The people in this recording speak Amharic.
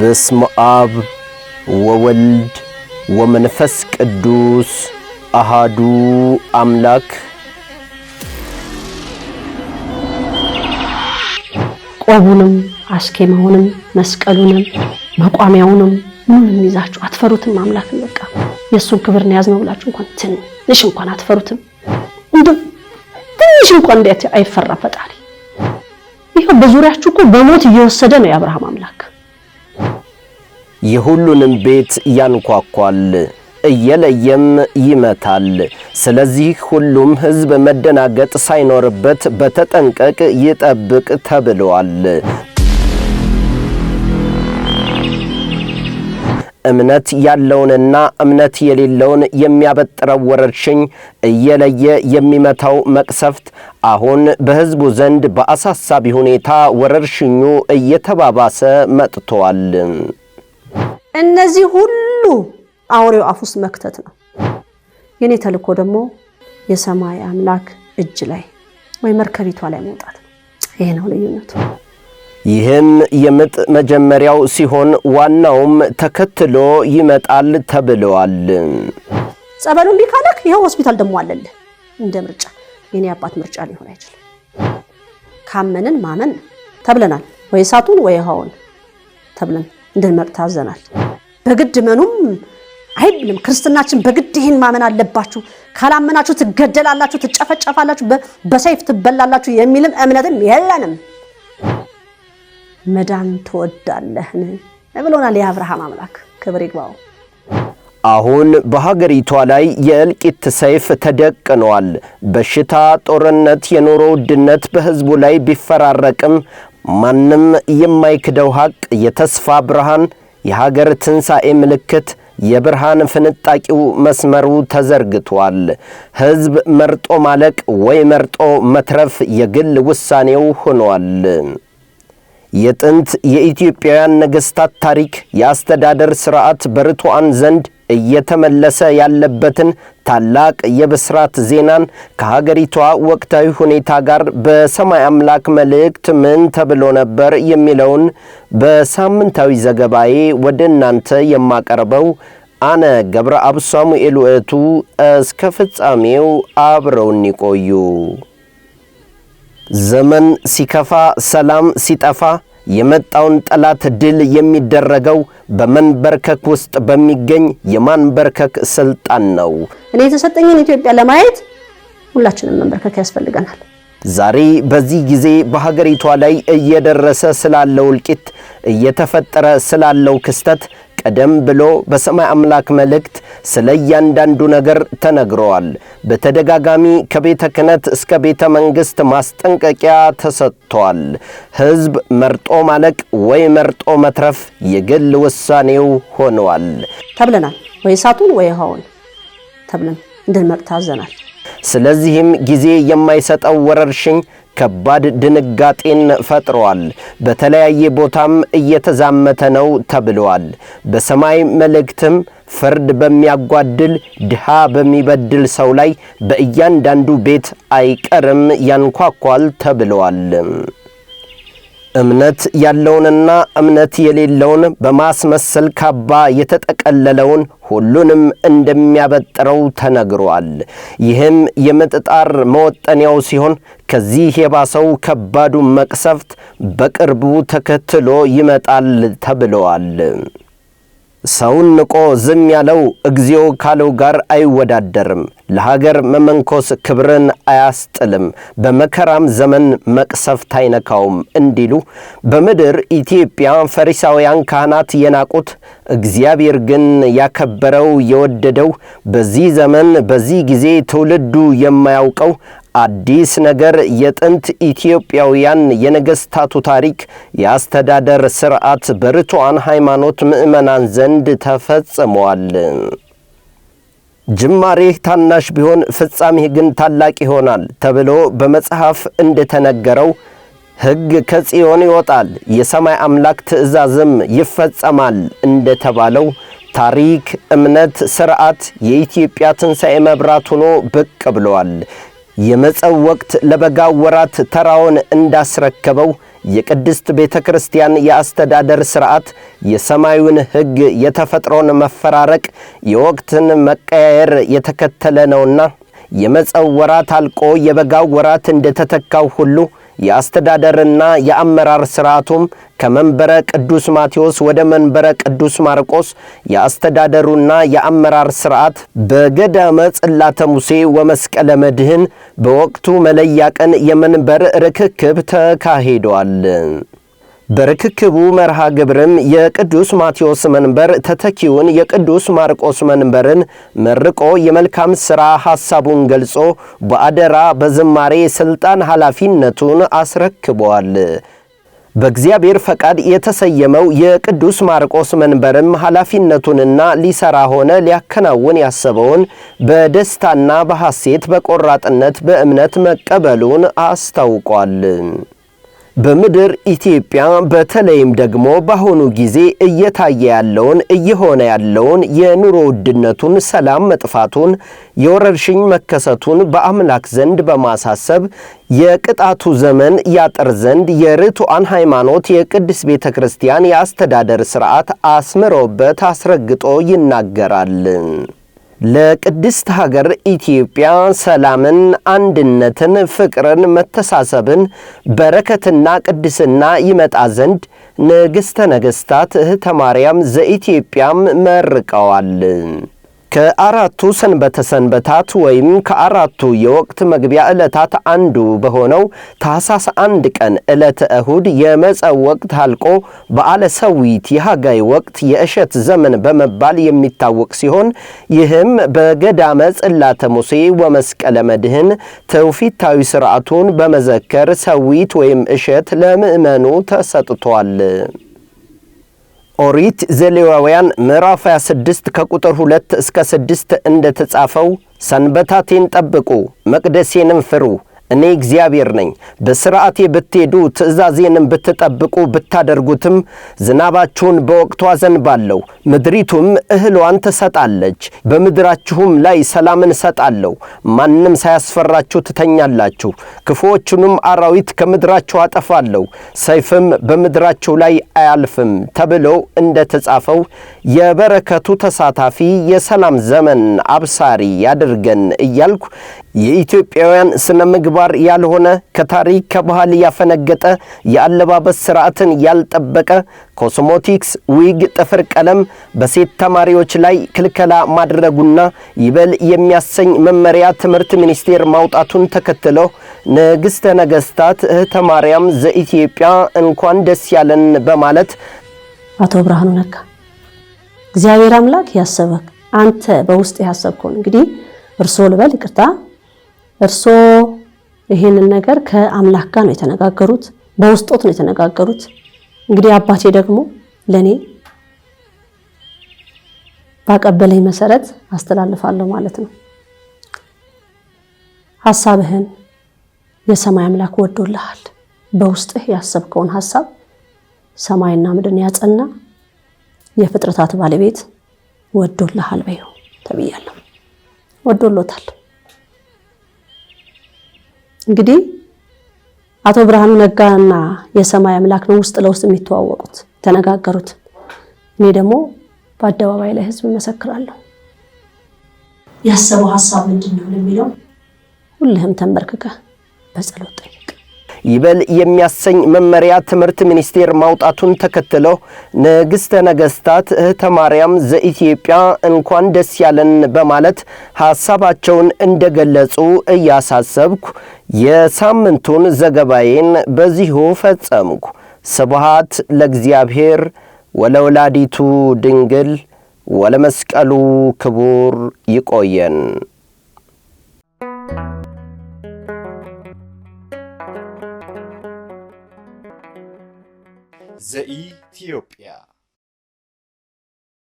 በስመ አብ ወወልድ ወመንፈስ ቅዱስ አሃዱ አምላክ። ቆቡንም አስኬማውንም መስቀሉንም መቋሚያውንም ምንም ይዛችሁ አትፈሩትም። አምላክን በቃ የእሱን ክብር ነው ያዝነው ብላችሁ እንኳን ትንሽ እንኳን አትፈሩትም። እንደው ትንሽ እንኳን እንዴት አይፈራም ፈጣሪ? ይሄ በዙሪያችሁ እኮ በሞት እየወሰደ ነው የአብርሃም አምላክ የሁሉንም ቤት ያንኳኳል፣ እየለየም ይመታል። ስለዚህ ሁሉም ሕዝብ መደናገጥ ሳይኖርበት በተጠንቀቅ ይጠብቅ ተብለዋል። እምነት ያለውንና እምነት የሌለውን የሚያበጥረው ወረርሽኝ እየለየ የሚመታው መቅሰፍት አሁን በሕዝቡ ዘንድ በአሳሳቢ ሁኔታ ወረርሽኙ እየተባባሰ መጥቷል። እነዚህ ሁሉ አውሬው አፍ ውስጥ መክተት ነው። የኔ ተልእኮ ደግሞ የሰማይ አምላክ እጅ ላይ ወይ መርከቢቷ ላይ መውጣት ነው። ይሄ ነው ልዩነቱ። ይህም የምጥ መጀመሪያው ሲሆን ዋናውም ተከትሎ ይመጣል ተብለዋል። ጸበሉ እምቢ ካለክ ይኸው ሆስፒታል ደግሞ አለልህ እንደ ምርጫ። የኔ አባት ምርጫ ሊሆን አይችልም። ካመንን ማመን ተብለናል። ወይ እሳቱን ወይ ውሃውን ተብለን እንድንመጥ ታዘናል። በግድ መኑም አይብልም። ክርስትናችን በግድ ይህን ማመን አለባችሁ፣ ካላመናችሁ ትገደላላችሁ፣ ትጨፈጨፋላችሁ፣ በሰይፍ ትበላላችሁ የሚልም እምነትም የለንም። መዳን ትወዳለህን ብሎናል የአብርሃም አምላክ። ክብር ይግባው። አሁን በሀገሪቷ ላይ የእልቂት ሰይፍ ተደቅኗል። በሽታ፣ ጦርነት፣ የኑሮ ውድነት በሕዝቡ ላይ ቢፈራረቅም ማንም የማይክደው ሐቅ የተስፋ ብርሃን የሀገር ትንሣኤ ምልክት የብርሃን ፍንጣቂው መስመሩ ተዘርግቷል። ሕዝብ መርጦ ማለቅ ወይ መርጦ መትረፍ የግል ውሳኔው ሆኗል። የጥንት የኢትዮጵያውያን ነገሥታት ታሪክ፣ የአስተዳደር ሥርዓት በርቱዓን ዘንድ እየተመለሰ ያለበትን ታላቅ የብስራት ዜናን ከሀገሪቷ ወቅታዊ ሁኔታ ጋር በሰማይ አምላክ መልእክት ምን ተብሎ ነበር የሚለውን በሳምንታዊ ዘገባዬ ወደ እናንተ የማቀርበው አነ ገብረ አብ ሳሙኤል ውእቱ። እስከ ፍጻሜው አብረውን ይቆዩ። ዘመን ሲከፋ፣ ሰላም ሲጠፋ የመጣውን ጠላት ድል የሚደረገው በመንበርከክ ውስጥ በሚገኝ የማንበርከክ ስልጣን ነው። እኔ የተሰጠኝን ኢትዮጵያ ለማየት ሁላችንም መንበርከክ ያስፈልገናል። ዛሬ በዚህ ጊዜ በሀገሪቷ ላይ እየደረሰ ስላለው እልቂት፣ እየተፈጠረ ስላለው ክስተት ቀደም ብሎ በሰማይ አምላክ መልእክት ስለ እያንዳንዱ ነገር ተነግረዋል። በተደጋጋሚ ከቤተ ክህነት እስከ ቤተ መንግሥት ማስጠንቀቂያ ተሰጥቷል። ሕዝብ መርጦ ማለቅ ወይ መርጦ መትረፍ የግል ውሳኔው ሆነዋል ተብለናል። ወይ እሳቱን ወይ ውሃውን ተብለን እንድንመርጥ ታዘናል። ስለዚህም ጊዜ የማይሰጠው ወረርሽኝ ከባድ ድንጋጤን ፈጥሯል። በተለያየ ቦታም እየተዛመተ ነው ተብሏል። በሰማይ መልእክትም ፍርድ በሚያጓድል ድሃ በሚበድል ሰው ላይ በእያንዳንዱ ቤት አይቀርም ያንኳኳል ተብሏል። እምነት ያለውንና እምነት የሌለውን በማስመሰል ካባ የተጠቀለለውን ሁሉንም እንደሚያበጥረው ተነግሯል። ይህም የምጥጣር መወጠኛው ሲሆን ከዚህ የባሰው ከባዱ መቅሰፍት በቅርቡ ተከትሎ ይመጣል ተብለዋል። ሰውን ንቆ ዝም ያለው እግዚኦ ካለው ጋር አይወዳደርም። ለሀገር መመንኮስ ክብርን አያስጥልም፣ በመከራም ዘመን መቅሰፍት አይነካውም እንዲሉ በምድር ኢትዮጵያ ፈሪሳውያን ካህናት የናቁት እግዚአብሔር ግን ያከበረው የወደደው በዚህ ዘመን በዚህ ጊዜ ትውልዱ የማያውቀው አዲስ ነገር የጥንት ኢትዮጵያውያን የነገስታቱ ታሪክ፣ የአስተዳደር ስርዓት በርቱዓን ሃይማኖት ምዕመናን ዘንድ ተፈጽመዋል። ጅማሬህ ታናሽ ቢሆን ፍጻሜህ ግን ታላቅ ይሆናል ተብሎ በመጽሐፍ እንደተነገረው ሕግ ከጽዮን ይወጣል፣ የሰማይ አምላክ ትእዛዝም ይፈጸማል እንደተባለው ታሪክ፣ እምነት፣ ስርዓት የኢትዮጵያ ትንሣኤ መብራት ሆኖ ብቅ ብለዋል። የመጸው ወቅት ለበጋው ወራት ተራውን እንዳስረከበው የቅድስት ቤተ ክርስቲያን የአስተዳደር ሥርዓት የሰማዩን ሕግ የተፈጥሮን መፈራረቅ፣ የወቅትን መቀያየር የተከተለ ነውና የመጸው ወራት አልቆ የበጋው ወራት እንደተተካው ሁሉ የአስተዳደርና የአመራር ስርዓቱም ከመንበረ ቅዱስ ማቴዎስ ወደ መንበረ ቅዱስ ማርቆስ የአስተዳደሩና የአመራር ስርዓት በገዳመ ጽላተ ሙሴ ወመስቀለ መድህን በወቅቱ መለያ ቀን የመንበር ርክክብ ተካሂዷል። በርክክቡ መርሃ ግብርም የቅዱስ ማቴዎስ መንበር ተተኪውን የቅዱስ ማርቆስ መንበርን መርቆ የመልካም ሥራ ሐሳቡን ገልጾ በአደራ በዝማሬ ሥልጣን ኃላፊነቱን አስረክቧል። በእግዚአብሔር ፈቃድ የተሰየመው የቅዱስ ማርቆስ መንበርም ኃላፊነቱንና ሊሰራ ሆነ ሊያከናውን ያሰበውን በደስታና በሐሴት በቆራጥነት በእምነት መቀበሉን አስታውቋል። በምድር ኢትዮጵያ በተለይም ደግሞ በአሁኑ ጊዜ እየታየ ያለውን እየሆነ ያለውን የኑሮ ውድነቱን፣ ሰላም መጥፋቱን፣ የወረርሽኝ መከሰቱን በአምላክ ዘንድ በማሳሰብ የቅጣቱ ዘመን ያጠር ዘንድ የርቱዓን ሃይማኖት የቅድስ ቤተ ክርስቲያን የአስተዳደር ስርዓት አስምሮበት አስረግጦ ይናገራል። ለቅድስት ሀገር ኢትዮጵያ ሰላምን፣ አንድነትን፣ ፍቅርን፣ መተሳሰብን፣ በረከትና ቅድስና ይመጣ ዘንድ ንግሥተ ነገሥታት እህተ ማርያም ዘኢትዮጵያም መርቀዋል። ከአራቱ ሰንበተ ሰንበታት ወይም ከአራቱ የወቅት መግቢያ ዕለታት አንዱ በሆነው ታኅሳስ አንድ ቀን ዕለተ እሁድ የመጸው ወቅት አልቆ በዓለ ሰዊት የሐጋይ ወቅት የእሸት ዘመን በመባል የሚታወቅ ሲሆን ይህም በገዳመ ጽላተ ሙሴ ወመስቀለ መድህን ትውፊታዊ ስርዓቱን በመዘከር ሰዊት ወይም እሸት ለምእመኑ ተሰጥቷል። ኦሪት ዘሌዋውያን ምዕራፍ 26 ከቁጥር 2 እስከ 6 እንደተጻፈው ሰንበታቴን ጠብቁ፣ መቅደሴንም ፍሩ እኔ እግዚአብሔር ነኝ። በሥርዓቴ ብትሄዱ ትእዛዜንም ብትጠብቁ ብታደርጉትም ዝናባችሁን በወቅቱ አዘንባለሁ፣ ምድሪቱም እህሏን ትሰጣለች። በምድራችሁም ላይ ሰላምን እሰጣለሁ፣ ማንም ሳያስፈራችሁ ትተኛላችሁ። ክፉዎቹንም አራዊት ከምድራችሁ አጠፋለሁ፣ ሰይፍም በምድራችሁ ላይ አያልፍም ተብሎ እንደ ተጻፈው የበረከቱ ተሳታፊ የሰላም ዘመን አብሳሪ ያድርገን እያልኩ የኢትዮጵያውያን ስነ ምግባር ነባር ያልሆነ ከታሪክ ከባህል ያፈነገጠ የአለባበስ ስርዓትን ያልጠበቀ ኮስሞቲክስ፣ ዊግ፣ ጥፍር ቀለም በሴት ተማሪዎች ላይ ክልከላ ማድረጉና ይበል የሚያሰኝ መመሪያ ትምህርት ሚኒስቴር ማውጣቱን ተከትሎ ንግሥተ ነገሥታት እህተ ማርያም ዘኢትዮጵያ እንኳን ደስ ያለን በማለት አቶ ብርሃኑ ነጋ እግዚአብሔር አምላክ ያሰበክ አንተ በውስጥ ያሰብከውን እንግዲህ እርሶ ልበል ይቅርታ እርሶ ይሄንን ነገር ከአምላክ ጋር ነው የተነጋገሩት፣ በውስጦት ነው የተነጋገሩት። እንግዲህ አባቴ ደግሞ ለኔ ባቀበለኝ መሰረት አስተላልፋለሁ ማለት ነው። ሀሳብህን የሰማይ አምላክ ወዶልሃል። በውስጥህ ያሰብከውን ሀሳብ ሰማይና ምድርን ያጸና የፍጥረታት ባለቤት ወዶልሃል በይው ተብያለሁ። ወዶሎታል። እንግዲህ አቶ ብርሃኑ ነጋና የሰማይ አምላክ ነው ውስጥ ለውስጥ የሚተዋወቁት ተነጋገሩት። እኔ ደግሞ በአደባባይ ላይ ህዝብ እመሰክራለሁ። ያሰበው ሀሳብ ምንድን ነው የሚለው ሁልህም ተንበርክከ በጸሎት ጠይቅ። ይበል የሚያሰኝ መመሪያ ትምህርት ሚኒስቴር ማውጣቱን ተከትለው ንግሥተ ነገሥታት እህተ ማርያም ዘኢትዮጵያ እንኳን ደስ ያለን በማለት ሐሳባቸውን እንደገለጹ እያሳሰብኩ የሳምንቱን ዘገባዬን በዚሁ ፈጸምኩ። ስብሃት ለእግዚአብሔር ወለወላዲቱ ድንግል ወለመስቀሉ ክቡር ይቆየን። ዘኢትዮጵያ